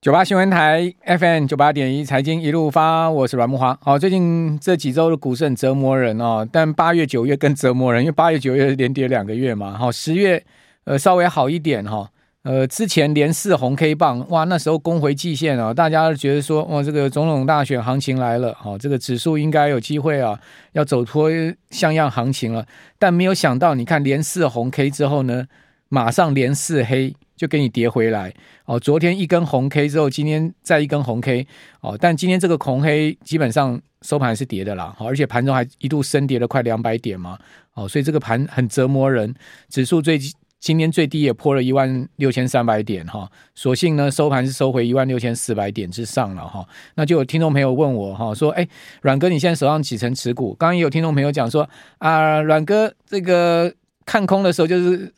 九八新聞台 FM 九八點一財經一路發，我是阮慕驊。好、哦，最近這幾周的股市很折磨人哦，但八月、九月更折磨人，因為八月、九月連跌兩個月嘛。好、哦，十月呃稍微好一點哈、哦，呃之前連四紅 K 棒，哇，那時候攻回季線哦，大家覺得說哇，這個總統大選行情來了，哦，這個指數應該有機會啊，要走脫像樣行情了。但沒有想到，你看連四紅 K 之後呢，馬上連四黑。就給你跌回來哦。昨天一根紅 K 之後，今天再一根紅 K 哦，但今天這個紅 K 基本上收盤是跌的啦，而且盤中還一度升跌了快兩百點嘛，哦，所以這個盤很折磨人。指數最今天最低也破了一萬六千三百點哈、哦，所幸呢收盤是收回一萬六千四百點之上了哈、哦。那就有聽眾朋友問我哈，說哎、欸，阮哥你現在手上幾成持股？剛剛也有聽眾朋友講說啊，阮哥這個看空的時候就是。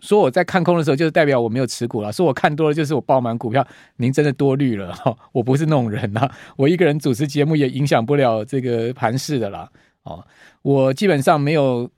說我在看空的時候，就是代表我沒有持股了。說我看多了就是我抱滿股票，您真的多慮了哈、哦，我不是那種人吶。我一個人主持節目也影響不了這個盤勢的啦。哦，我基本上沒有，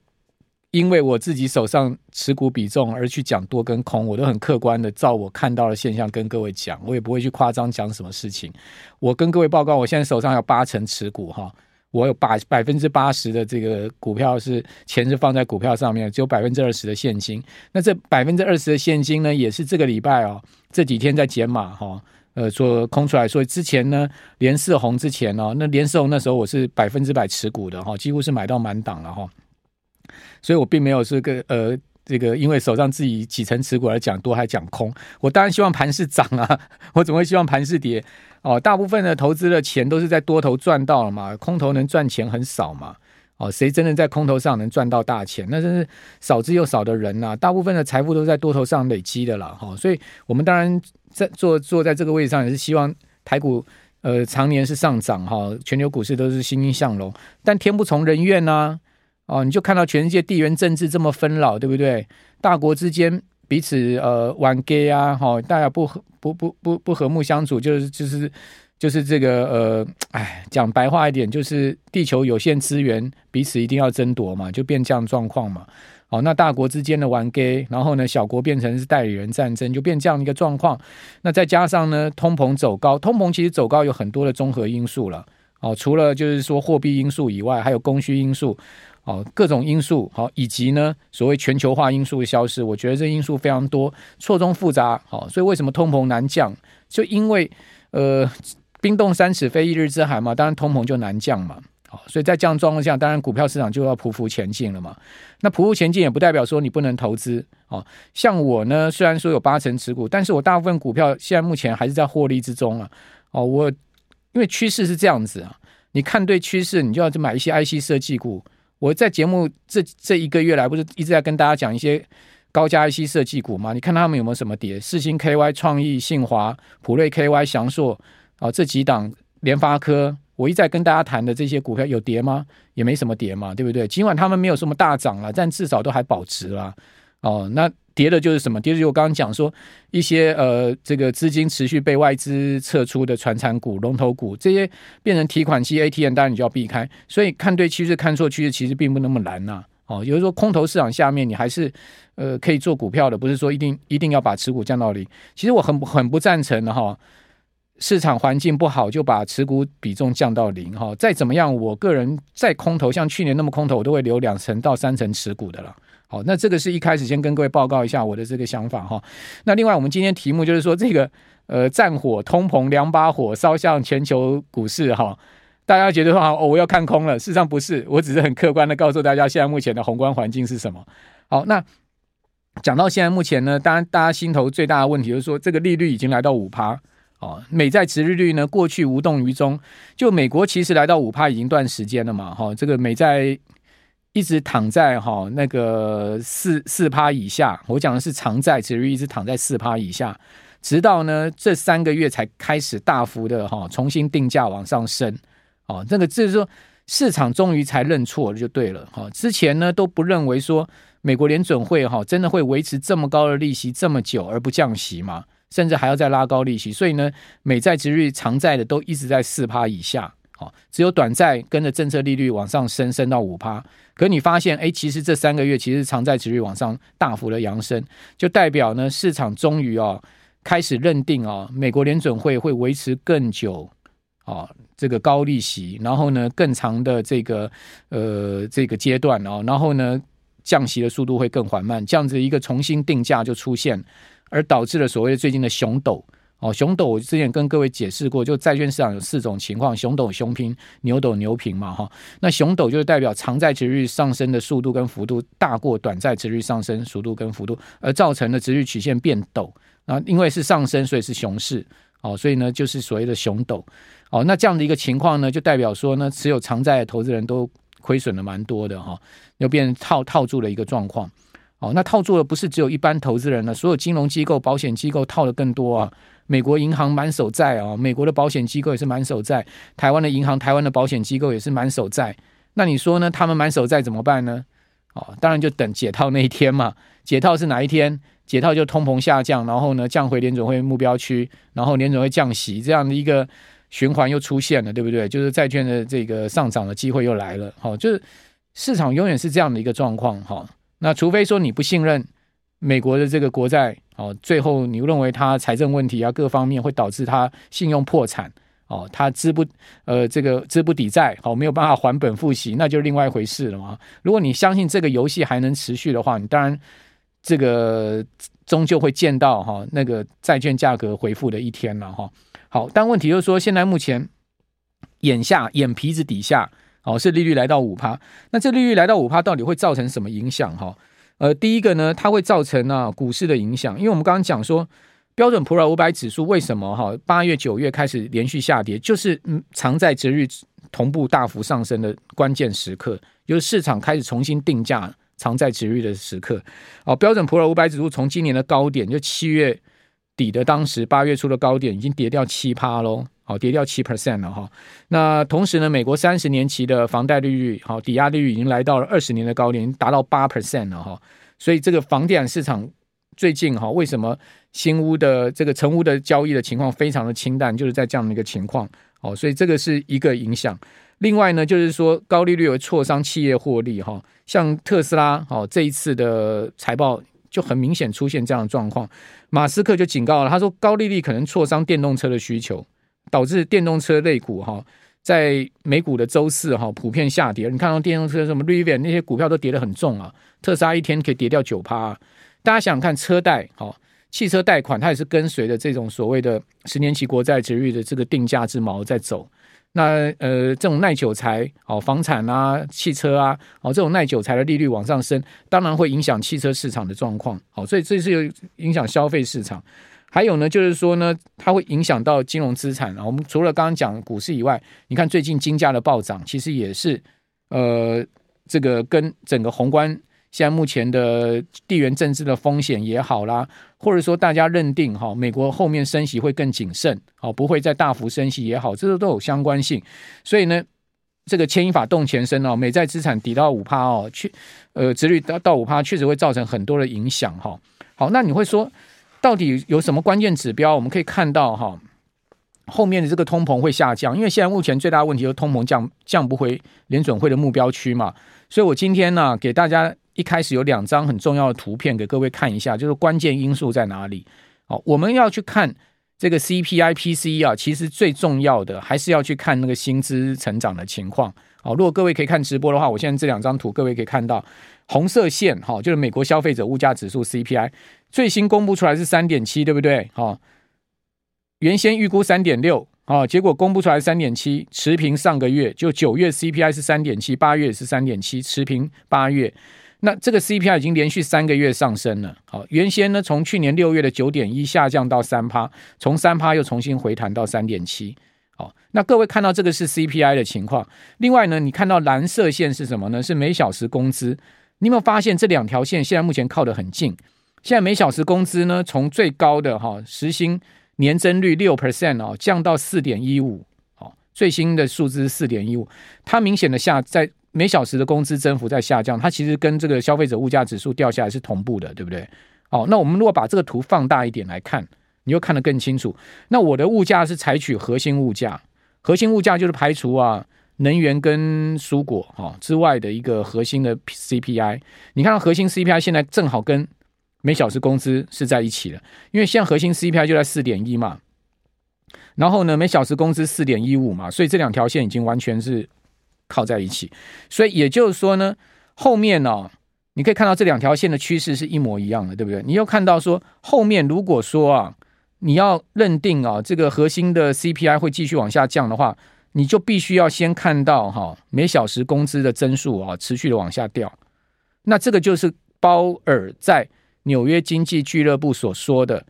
因為我自己手上持股比重而去講多跟空，我都很客觀的照我看到的現象跟各位講，我也不會去誇張講什麼事情。我跟各位報告，我現在手上有八成持股哈。哦我有把百分之八十的這個股票是錢是放在股票上面，只有百分之二十的現金。那這百分之二十的現金呢，也是這個禮拜哦，這幾天在減碼哈、哦，呃，做空出來。所以之前呢，連四紅之前哦，那連四紅那時候我是百分之百持股的哈、哦，幾乎是買到滿檔了哈、哦。所以我並沒有這個呃這個，因為手上自己幾成持股而講，多還講空。我當然希望盤是漲啊，我怎麼會希望盤是跌？哦，大部分的投資的錢都是在多頭賺到了嘛，空頭能賺錢很少嘛。哦，誰真的在空頭上能賺到大錢？那真是少之又少的人吶、啊。大部分的財富都在多頭上累積的啦。哈、哦。所以，我們當然在坐坐在這個位置上，也是希望台股呃常年是上漲哈、哦，全球股市都是欣欣向榮。但天不從人願吶、啊，哦，你就看到全世界地緣政治這麼紛擾，對不對？大國之間。彼此呃玩 gay 啊，哈，大家不和不不不不和睦相處，就是就是就是這個呃，哎，講白話一點，就是地球有限資源，彼此一定要爭奪嘛，就變這樣狀況嘛。哦，那大國之間的玩 gay，然後呢，小國變成是代理人戰爭，就變這樣一個狀況。那再加上呢，通膨走高，通膨其實走高有很多的綜合因素了。哦，除了就是說貨幣因素以外，還有供需因素。哦，各種因素好，哦，以及呢，所謂全球化因素的消失，我覺得這因素非常多，錯綜複雜。好，哦，所以為什麼通膨難降？就因為呃，冰凍三尺非一日之寒嘛，當然通膨就難降嘛。好，哦，所以在這樣狀況下，當然股票市場就要匍匐前進了嘛。那匍匐前進也不代表說你不能投資，哦。像我呢，雖然說有八成持股，但是我大部分股票現在目前還是在獲利之中啊。哦，我因為趨勢是這樣子啊，你看對趨勢，你就要去買一些 IC 設計股。我在節目這這一個月來，不是一直在跟大家講一些高加息設計股嗎？你看他們有沒有什麼跌？世芯 KY、創意、信驊、譜瑞 KY、祥碩啊，這幾檔聯發科，我一再跟大家談的這些股票有跌嗎？也沒什麼跌嘛，對不對？儘管他們沒有什麼大漲了，但至少都還保值了。哦，那跌的就是什麼？跌的就是我剛剛講說，一些呃，這個資金持續被外資撤出的傳產股、龍頭股這些變成提款機 ATM，當然你就要避開。所以看對趨勢，看錯趨勢其實並不那麼難呐啊。哦，也就是說，空頭市場下面你還是呃可以做股票的，不是說一定一定要把持股降到零。其實我很很不贊成哈，市場環境不好就把持股比重降到零哈。再怎麼樣，我個人在空頭像去年那麼空頭，我都會留兩成到三成持股的了。好，那這個是一開始先跟各位報告一下我的這個想法哈、哦。那另外，我們今天題目就是說這個呃戰火通膨兩把火燒向全球股市哈、哦。大家覺得說啊，哦我要看空了，事實上不是，我只是很客觀的告訴大家，現在目前的宏觀環境是什麼。好，那講到現在目前呢，當然大家心頭最大的問題就是說，這個利率已經來到五趴、哦、美債殖利率呢，過去無動於衷，就美國其實來到五趴已經一段時間了嘛哈、哦。這個美債一直躺在哈、哦、那個四四趴以下，我講的是長債，殖利率一直躺在四趴以下，直到呢這三個月才開始大幅的哈、哦、重新定價往上升，哦，這、那個就是說市場終於才認錯了就對了哈、哦，之前呢都不認為說美國聯準會哈、哦、真的會維持這麼高的利息這麼久而不降息嘛，甚至還要再拉高利息，所以呢美債殖利率長債的都一直在四趴以下。只有短債跟着政策利率往上升，升到五趴。可你發現，其實這三個月其實長債利率往上大幅的揚升，就代表呢市場終於啊、哦、開始認定啊、哦，美國聯準會會維持更久啊、哦、這個高利息，然後呢更長的這個呃這個階段、哦、然後呢降息的速度會更緩慢，這樣子一個重新定價就出現，而導致了所謂最近的熊陡。哦，熊斗。我之前跟各位解釋過，就債券市場有四種情況，熊斗、熊拼、牛斗、牛平嘛，哈、哦。那熊斗就是代表長債殖率上升的速度跟幅度大過短債殖率上升速度跟幅度，而造成的殖率曲線變抖。那、啊、因為是上升，所以是熊市，哦，所以呢就是所謂的熊斗哦，那這樣的一個情況呢，就代表說呢，持有長債投資人都虧損了蠻多的，哈、哦，又變成套套住的一個狀況。哦，那套住的不是只有一般投資人呢，所有金融機構、保險機構套的更多啊。美國銀行滿手債啊、哦，美國的保險機構也是滿手債，台灣的銀行、台灣的保險機構也是滿手債。那你說呢？他們滿手債怎麼辦呢？哦，當然就等解套那一天嘛。解套是哪一天？解套就通膨下降，然後呢降回聯準會目標區，然後聯準會降息，這樣的一個循環又出現了，對不對？就是債券的這個上漲的機會又來了。好、哦，就是市場永遠是這樣的一個狀況。好、哦，那除非說你不信任。美國的這個國債哦，最後你認為它財政問題啊，各方面會導致它信用破產哦，它資不呃這個資不抵債，好、哦，沒有辦法還本付息，那就是另外一回事了嘛。如果你相信這個遊戲還能持續的話，你當然這個終究會見到哈、哦、那個債券價格回復的一天了哈、哦。好，但問題就是說，現在目前眼下眼皮子底下哦，是利率來到五趴，那這利率來到五趴，到底會造成什麼影響哈？哦呃，第一個呢，它會造成啊股市的影響，因為我們剛剛講說，標準普爾五百指數為什麼哈八月九月開始連續下跌，就是嗯、長債殖利率同步大幅上升的關鍵時刻，就是市場開始重新定價長債殖利率的時刻。哦、啊，標準普爾五百指數從今年的高點就七月底的當時八月初的高點已經跌掉七趴嘍。咯好，跌掉七 percent 了哈。那同時呢，美國三十年期的房貸利率，率，好，抵押利率已經來到了二十年的高點，已經達到八 percent 了哈。所以這個房地產市場最近哈，為什麼新屋的這個成屋的交易的情況非常的清淡，就是在這樣的一個情況。好，所以這個是一個影響。另外呢，就是說高利率有挫傷企業獲利哈。像特斯拉，好，這一次的財報就很明顯出現這樣的狀況。馬斯克就警告了，他說高利率可能挫傷電動車的需求。導致電動車類股哈，在美股的周四哈普遍下跌。你看到電動車什麼瑞 e 那些股票都跌得很重啊！特斯拉一天可以跌掉九趴、啊。大家想看車貸，車貸汽車貸款它也是跟隨着這種所謂的十年期國債之日的這個定價之矛在走。那呃，這種耐久材房產啊、汽車啊，哦，這種耐久材的利率往上升，當然會影響汽車市場的狀況。好，所以這是有影響消費市場。還有呢，就是說呢，它會影響到金融資產啊。我們除了剛剛講股市以外，你看最近金價的暴漲，其實也是呃，這個跟整個宏觀現在目前的地緣政治的風險也好啦，或者說大家認定哈、哦，美國後面升息會更謹慎，哦、不會再大幅升息也好，這個都，都有相關性。所以呢，這個牽一髮動全身哦，美債資產抵到五趴哦，去呃，殖利率到到五趴，確實會造成很多的影響哈、哦。好，那你會說，到底有什麼關鍵指標？我們可以看到哈，後面的這個通膨會下降，因為現在目前最大的問題就是通膨降，降不回聯準會的目標區嘛。所以我今天呢，給大家一開始有兩張很重要的圖片給各位看一下，就是關鍵因素在哪裡。好，我們要去看這個 CPI、PCE 啊，其實最重要的還是要去看那個薪資成長的情況。好，如果各位可以看直播的話，我現在這兩張圖，各位可以看到紅色線哈，就是美國消費者物價指數 CPI。最新公布出來是三點七，對不對？好、哦，原先預估三點六，結果公布出來三點七，持平上個月。就九月 CPI 是三點七，八月也是三點七，持平八月。那這個 CPI 已經連續三個月上升了。好、哦，原先呢，從去年六月的九點一下降到三趴，從三趴又重新回彈到三點七。好，那各位看到這個是 CPI 的情況。另外呢，你看到藍色線是什麼呢？是每小時工資。你有沒有發現這兩條線現在目前靠得很近？現在每小時工資呢，從最高的哈、哦、時薪年增率六 percent 哦，降到四點一五。哦。最新的數字是四點一五，它明顯的下在每小時的工資增幅在下降。它其實跟這個消費者物價指數掉下來是同步的，對不對？哦，那我們如果把這個圖放大一點來看，你就看得更清楚。那我的物價是採取核心物價，核心物價就是排除啊能源跟蔬果啊、哦、之外的一個核心的 CPI。你看到核心 CPI 現在正好跟每小時工資是在一起的，因為現在核心 CPI 就在四點一嘛，然後呢，每小時工資四點一五嘛，所以這兩條線已經完全是靠在一起，所以也就是說呢，後面呢、哦，你可以看到這兩條線的趨勢是一模一樣的，對不對？你又看到說後面如果說啊，你要認定啊，這個核心的 CPI 會繼續往下降的話，你就必須要先看到哈、啊，每小時工資的增速啊，持續的往下掉，那這個就是鮑爾在。紐約經濟俱樂部所說的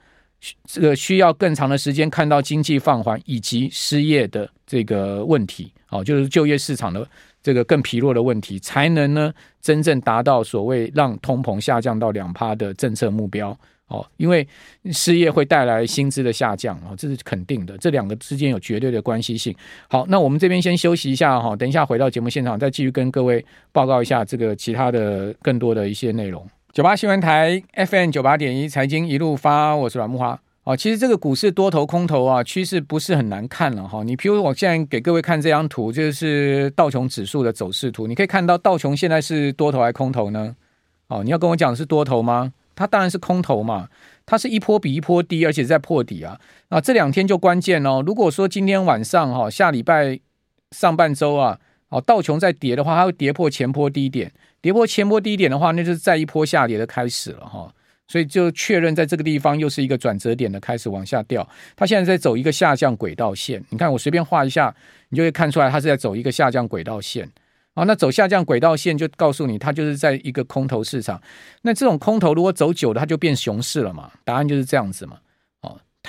這個需要更長的時間看到經濟放緩以及失業的這個問題，哦，就是就業市場的這個更疲弱的問題，才能呢真正達到所謂讓通膨下降到兩趴的政策目標哦。因為失業會帶來薪資的下降，哦，這是肯定的，這兩個之間有絕對的關係性。好，那我們這邊先休息一下哈、哦，等一下回到節目現場再繼續跟各位報告一下這個其他的更多的一些內容。九八新聞台 FM 九八點一，1，財經一路發，我是阮慕驊、哦。其實這個股市多頭空頭啊，趨勢不是很難看了、啊、哈、哦。你譬如我現在給各位看這張圖，就是道瓊指數的走勢圖，你可以看到道瓊現在是多頭還是空頭呢？哦，你要跟我講是多頭嗎？它當然是空頭嘛，它是一波比一波低，而且在破底啊。那、啊、這兩天就關鍵嘍、哦。如果說今天晚上哈、哦，下禮拜上半周啊。哦，道瓊在跌的話，它會跌破前波低點，跌破前波低點的話，那就是再一波下跌的開始了哈、哦，所以就確認在這個地方又是一個轉折點的開始往下掉。它現在在走一個下降軌道線，你看我隨便畫一下，你就會看出來它是在走一個下降軌道線。啊、哦，那走下降軌道線就告訴你，它就是在一個空頭市場。那這種空頭如果走久了，它就變熊市了嘛。答案就是這樣子嘛。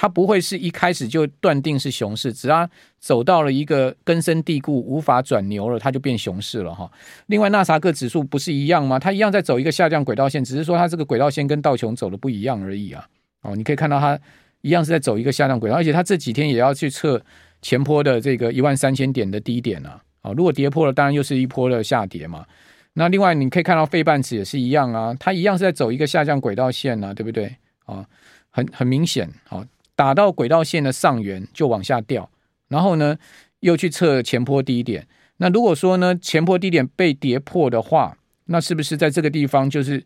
它不會是一開始就斷定是熊市，只要走到了一個根深蒂固、無法轉牛了，它就變熊市了哈。另外，納薩克指數不是一樣嗎？它一樣在走一個下降軌道線，只是說它這個軌道線跟道瓊走的不一樣而已啊。哦，你可以看到它一樣是在走一個下降軌道，而且它這幾天也要去測前波的這個一萬三千點的低點啊、哦，如果跌破了，當然又是一波的下跌嘛。那另外你可以看到費半指也是一樣啊，它一樣是在走一個下降軌道線呢、啊，對不對？啊、哦，很很明顯啊。哦打到軌道線的上緣就往下掉，然後呢，又去測前波低點。那如果說呢，前波低點被跌破的話，那是不是在這個地方就是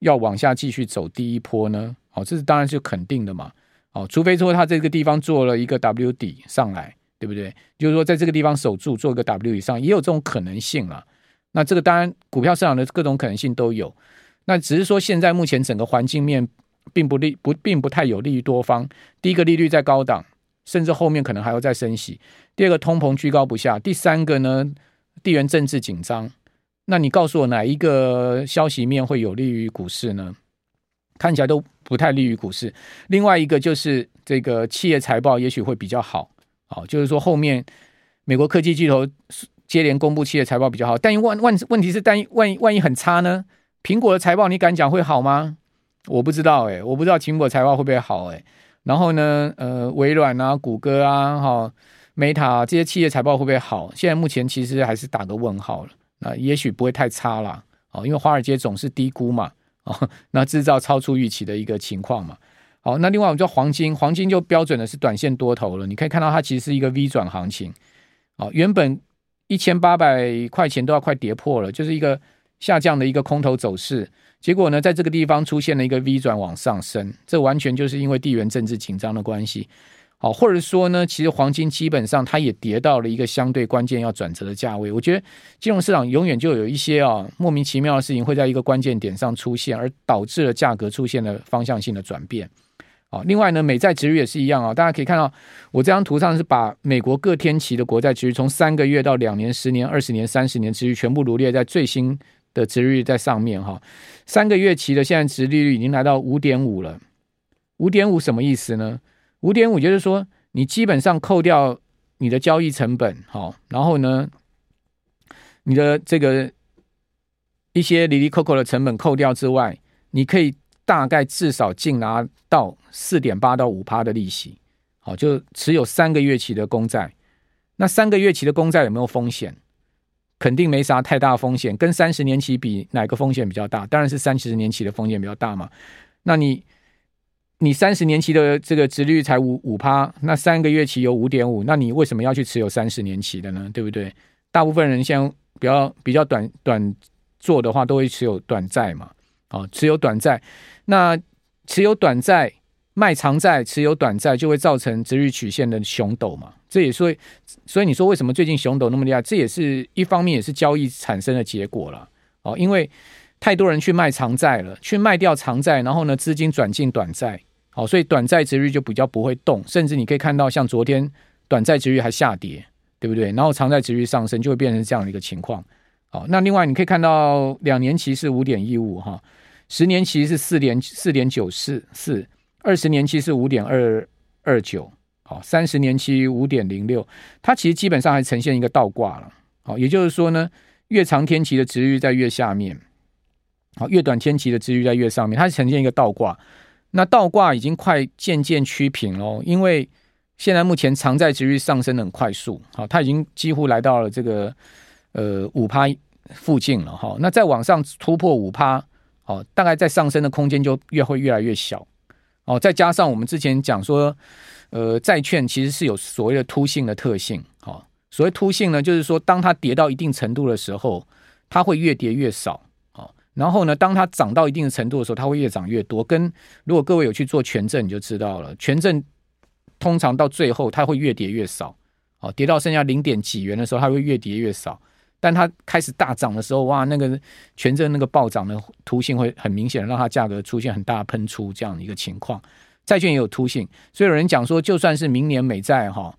要往下繼續走第一波呢？哦，這是當然是肯定的嘛。哦，除非說他這個地方做了一個 W 底上來，對不對？就是說在這個地方守住做一個 W 以上，也有這種可能性啦。那這個當然股票市場的各種可能性都有。那只是說現在目前整個環境面。並不利，不，並不太有利於多方。第一個利率在高檔，甚至後面可能還要再升息；第二個通膨居高不下；第三個呢，地緣政治緊張。那你告訴我哪一個消息面會有利於股市呢？看起來都不太利於股市。另外一個就是這個企業財報也許會比較好，哦，就是說後面美國科技巨頭接連公布企業財報比較好。但一萬萬問題是，但萬一萬，萬一很差呢？蘋果的財報你敢講會好嗎？我不知道哎、欸，我不知道蘋果財報會不會好哎、欸。然後呢，呃，微軟啊、谷歌啊、哈、哦、Meta、啊、這些企業財報會不會好？現在目前其實還是打個問號了。那也許不會太差啦，哦，因為華爾街總是低估嘛，哦，那制造超出預期的一個情況嘛。好、哦，那另外我們叫黃金，黃金就標準的是短線多頭了。你可以看到它其實是一個 V 轉行情，哦，原本一千八百塊錢都要快跌破了，就是一個。下降的一個空頭走勢，結果呢，在這個地方出現了一個 V 轉往上升，這完全就是因為地緣政治緊張的關係，好、哦，或者說呢，其實黃金基本上它也跌到了一個相對關鍵要轉折的價位。我覺得金融市場永遠就有一些啊、哦、莫名其妙的事情會在一個關鍵點上出現，而導致了價格出現了方向性的轉變。好、哦，另外呢，美債殖率也是一樣啊、哦，大家可以看到我這張圖上是把美國各天期的國債殖率，從三個月到兩年、十年、二十年、三十年殖率全部羅列在最新。的殖利率在上面哈，三個月期的現在殖利率已經來到五點五了。五點五什麼意思呢？五點五就是說，你基本上扣掉你的交易成本，好，然後呢，你的這個一些離離扣扣的成本扣掉之外，你可以大概至少淨拿到四點八到五趴的利息。好，就持有三個月期的公債，那三個月期的公債有沒有風險？肯定沒啥太大風險，跟三十年期比，哪個風險比較大？當然是三十年期的風險比較大嘛。那你，你三十年期的這個殖利率才五五趴，那三個月期有五點五，那你為什麼要去持有三十年期的呢？對不對？大部分人先比較比較短短做的話，都會持有短債嘛。哦，持有短債，那持有短債。賣長債持有短債就會造成殖利率曲線的熊陡嘛？這也所以，所以你說為什麼最近熊陡那麼厲害？這也是一方面，也是交易產生的結果了。哦，因為太多人去賣長債了，去賣掉長債，然後呢，資金轉進短債，好、哦，所以短債殖利率就比較不會動。甚至你可以看到，像昨天短債殖利率還下跌，對不對？然後長債殖利率上升，就會變成這樣的一個情況。好、哦，那另外你可以看到，兩年期是五點一五哈，十年期是四點四點九四四。二十年期是五點二二九，好，三十年期五點零六，它其實基本上還呈現一個倒掛了，好，也就是說呢，越長天期的殖利率在越下面，好，越短天期的殖利率在越上面，它是呈現一個倒掛，那倒掛已經快漸漸趨平了，因為現在目前長債殖利率上升的很快速，好，它已經幾乎來到了這個呃五趴附近了哈，那再往上突破五趴，好，大概再上升的空間就越會越來越小。哦，再加上我們之前講說，呃，債券其實是有所謂的凸性的特性。好、哦，所謂凸性呢，就是說當它跌到一定程度的時候，它會越跌越少。好、哦，然後呢，當它漲到一定的程度的時候，它會越漲越多。跟如果各位有去做權證，你就知道了，權證通常到最後它會越跌越少。好、哦，跌到剩下零點幾元的時候，它會越跌越少。但它開始大漲的時候，哇，那個權證那個暴漲的凸性會很明顯，讓它價格出現很大噴出這樣的一個情況。債券也有凸性，所以有人講說，就算是明年美債哈，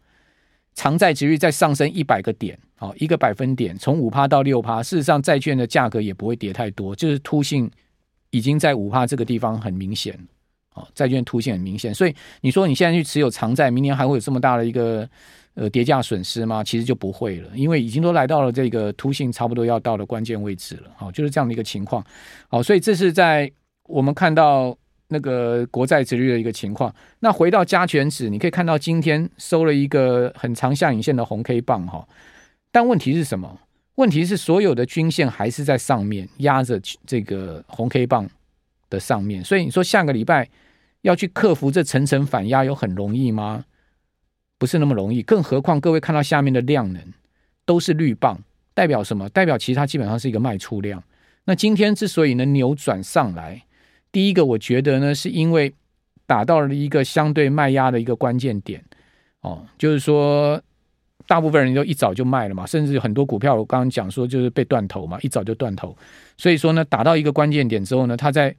長債殖利率再上升一百個點，好，一個百分點，從五趴到六趴，事實上債券的價格也不會跌太多，就是凸性已經在五趴這個地方很明顯，好，債券凸性很明顯，所以你說你現在去持有長債，明年還會有這麼大的一個？呃，跌價損失嗎？其實就不會了，因為已經都來到了這個凸性差不多要到了關鍵位置了，好、哦，就是這樣的一個情況，好、哦，所以這是在我們看到那個國債殖利率的一個情況。那回到加權指，你可以看到今天收了一個很長下影線的紅 K 棒哈、哦，但問題是什麼？問題是所有的均線還是在上面壓着這個紅 K 棒的上面，所以你說下個禮拜要去克服這層層反壓，有很容易嗎？不是那麼容易，更何況各位看到下面的量能，都是綠棒，代表什麼？代表其實它基本上是一個賣出量。那今天之所以能扭轉上來，第一個我覺得呢，是因為打到了一個相對賣壓的一個關鍵點哦，就是說大部分人都一早就賣了嘛，甚至很多股票我剛剛講說就是被斷頭嘛，一早就斷頭，所以說呢，打到一個關鍵點之後呢，它在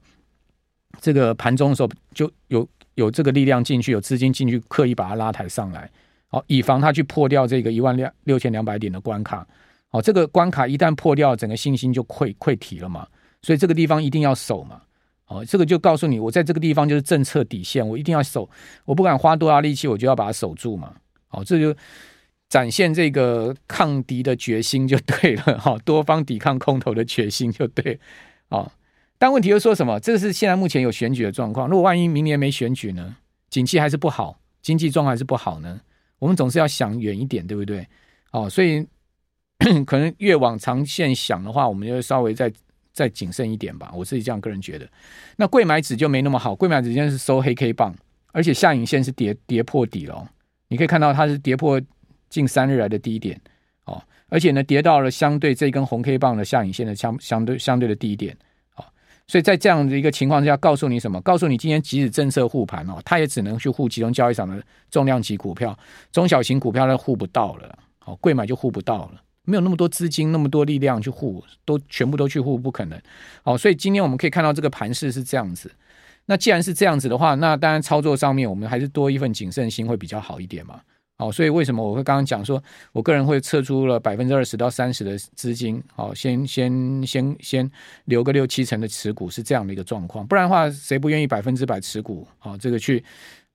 這個盤中的時候就有。有這個力量進去，有資金進去，刻意把它拉抬上來，好，以防它去破掉這個一萬六千兩百點的關卡。好，這個關卡一旦破掉，整個信心就潰潰堤了嘛。所以這個地方一定要守嘛。好，這個就告訴你，我在這個地方就是政策底線，我一定要守，我不管花多大力氣，我就要把它守住嘛。好，這就展現這個抗敵的決心就對了哈，多方抵抗空頭的決心就對啊。但問題又說什麼？這個是現在目前有選舉的狀況。如果萬一明年沒選舉呢？景氣還是不好，經濟狀況還是不好呢？我們總是要想遠一點，對不對？哦，所以可能越往長線想的話，我們就稍微再再謹慎一點吧。我自己這樣個人覺得。那櫃買指就沒那麼好，櫃買指今天是收黑 K 棒，而且下影線是跌跌破底了哦。你可以看到它是跌破近三日來的低點哦，而且呢，跌到了相對這根紅 K 棒的下影線的相相對相對的低點。所以在這樣的一個情況之下，告訴你什麼？告訴你今天即使政策護盤哦，它也只能去護集中交易場的重量級股票，中小型股票呢，護不到了，好，櫃買就護不到了，沒有那麼多資金，那麼多力量去護，都全部都去護，不可能，好，所以今天我們可以看到這個盤勢是這樣子。那既然是這樣子的話，那當然操作上面我們還是多一份謹慎心會比較好一點嘛。哦，所以為什麼我會剛剛講說，我個人會撤出了百分之二十到三十的資金，好、哦，先先先先留個六七成的持股是這樣的一個狀況，不然的話，誰不願意百分之百持股？好、哦，這個去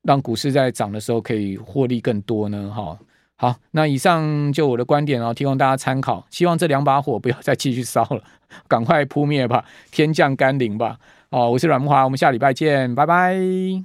讓股市在漲的時候可以獲利更多呢？哈、哦，好，那以上就我的觀點哦，提供大家參考，希望這兩把火不要再繼續燒了，趕快撲滅吧，天降甘霖吧。哦，我是阮慕驊，我們下禮拜見，拜拜。